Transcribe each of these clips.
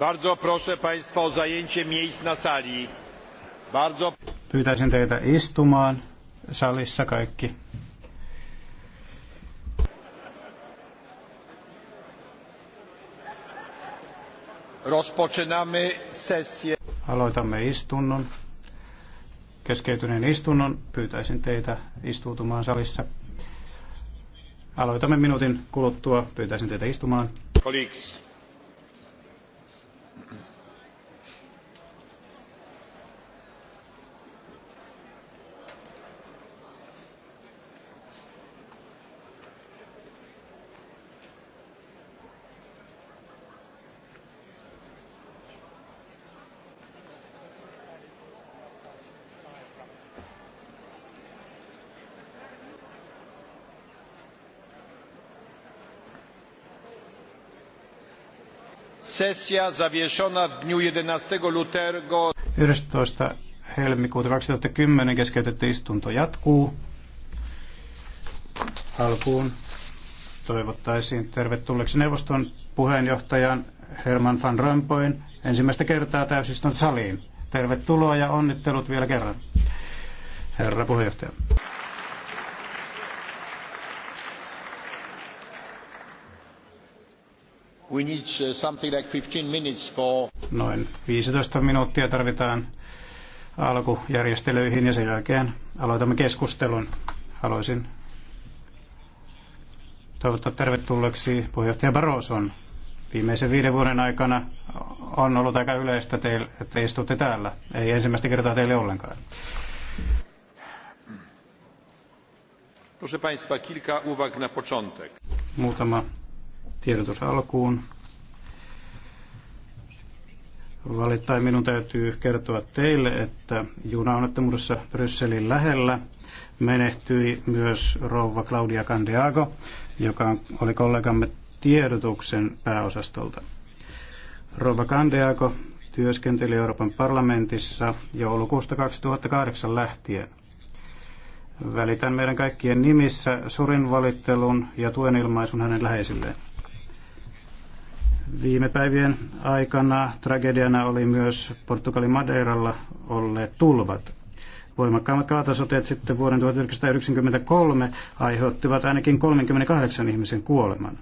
Bardzo proszę Państwa o zajęcie miejsc na sali. Bardzo... Pyytäisin teitä istumaan salissa kaikki. Rozpoczynamy sesję. Aloitamme istunnon. Keskeytyneen istunnon pyytäisin teitä istuutumaan salissa. Aloitamme minuutin kuluttua. Pyytäisin teitä istumaan. Colleagues. Sesja zawieszona w dniu 11 lutego. 11. helmikuuta 2010 keskeytetty istunto jatkuu. Alkuun toivottaisiin tervetulleeksi neuvoston puheenjohtajan Herman van Rompuyn ensimmäistä kertaa täysistunto saliin. Tervetuloa ja onnittelut vielä kerran, herra puheenjohtaja. We need uh, something like 15 minutes for... Noin 15 minuuttia tarvitaan alkujärjestelyihin ja sen jälkeen aloitamme keskustelun. Haluaisin toivottaa tervetulleeksi puheenjohtaja Baroson. Viimeisen viiden vuoden aikana on ollut aika yleistä, teille, että istutte täällä. Ei ensimmäistä kertaa teille ollenkaan. Proszę Państwa, kilka uwag na początek. Muutama Tiedotus alkuun. Valittain minun täytyy kertoa teille, että junaonnettomuudessa Brysselin lähellä menehtyi myös rouva Claudia Candiago, joka oli kollegamme tiedotuksen pääosastolta. Rouva Candiago työskenteli Euroopan parlamentissa joulukuusta 2008 lähtien. Välitän meidän kaikkien nimissä surin valittelun ja tuen ilmaisun hänen läheisilleen. Viime päivien aikana tragediana oli myös Portugalin Madeiralla olleet tulvat. Voimakkaammat kaatasoteet sitten vuoden 1993 aiheuttivat ainakin 38 ihmisen kuoleman.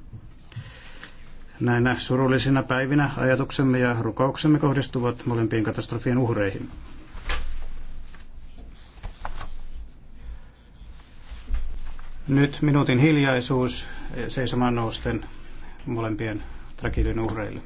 Näinä surullisina päivinä ajatuksemme ja rukouksemme kohdistuvat molempiin katastrofien uhreihin. Nyt minuutin hiljaisuus seisomaan nousten molempien tragedian uhreille.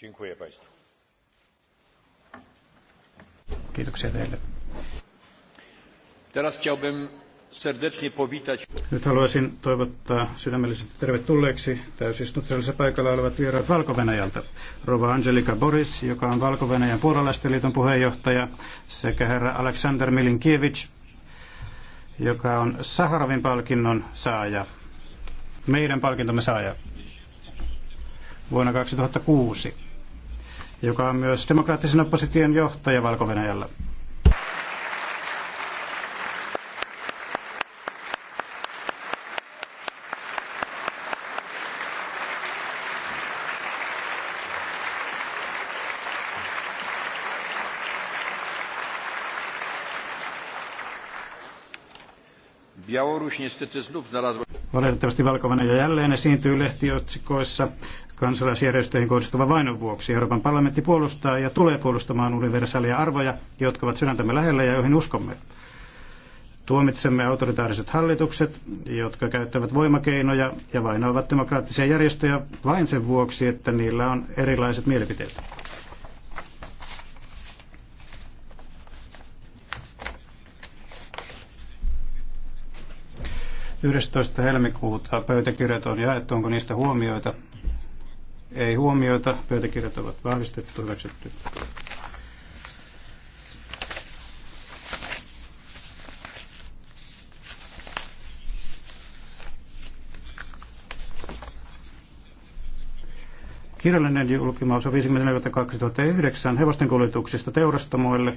Dziękuję Państwu. Kiitoksia teille. Teraz chciałbym serdecznie powitać. Nyt haluaisin toivottaa sydämellisesti tervetulleeksi täysistuntosalissa paikalla olevat vieraat valko -Venäjältä. Rova Angelika Boris, joka on Valko-Venäjän puolalaisten liiton puheenjohtaja, sekä herra Aleksander Milinkievich, joka on Saharovin palkinnon saaja, meidän palkintomme saaja vuonna 2006 joka on myös demokraattisen opposition johtaja valko -Venäjällä. Białoruś niestety znów znalazła Valitettavasti valko ja jälleen esiintyy lehtiotsikoissa kansalaisjärjestöihin kohdistuvan vainon vuoksi. Euroopan parlamentti puolustaa ja tulee puolustamaan universaaleja arvoja, jotka ovat sydäntämme lähellä ja joihin uskomme. Tuomitsemme autoritaariset hallitukset, jotka käyttävät voimakeinoja ja vainoavat demokraattisia järjestöjä vain sen vuoksi, että niillä on erilaiset mielipiteet. 11. helmikuuta pöytäkirjat on jaettu. Onko niistä huomioita? Ei huomioita. Pöytäkirjat ovat vahvistettu, hyväksytty. Kirjallinen julkimaus on 54.2009 hevosten kuljetuksista teurastamoille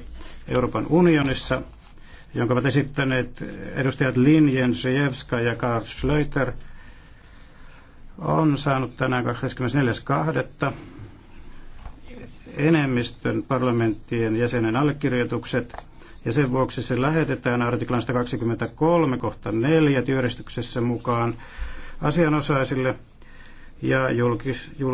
Euroopan unionissa jonka ovat esittäneet edustajat Lin, Sjevska ja Karl Schlöter, on saanut tänään 24.2. enemmistön parlamenttien jäsenen allekirjoitukset ja sen vuoksi se lähetetään artiklan 123 kohta 4 työjärjestyksessä mukaan asianosaisille ja julkis, julkis-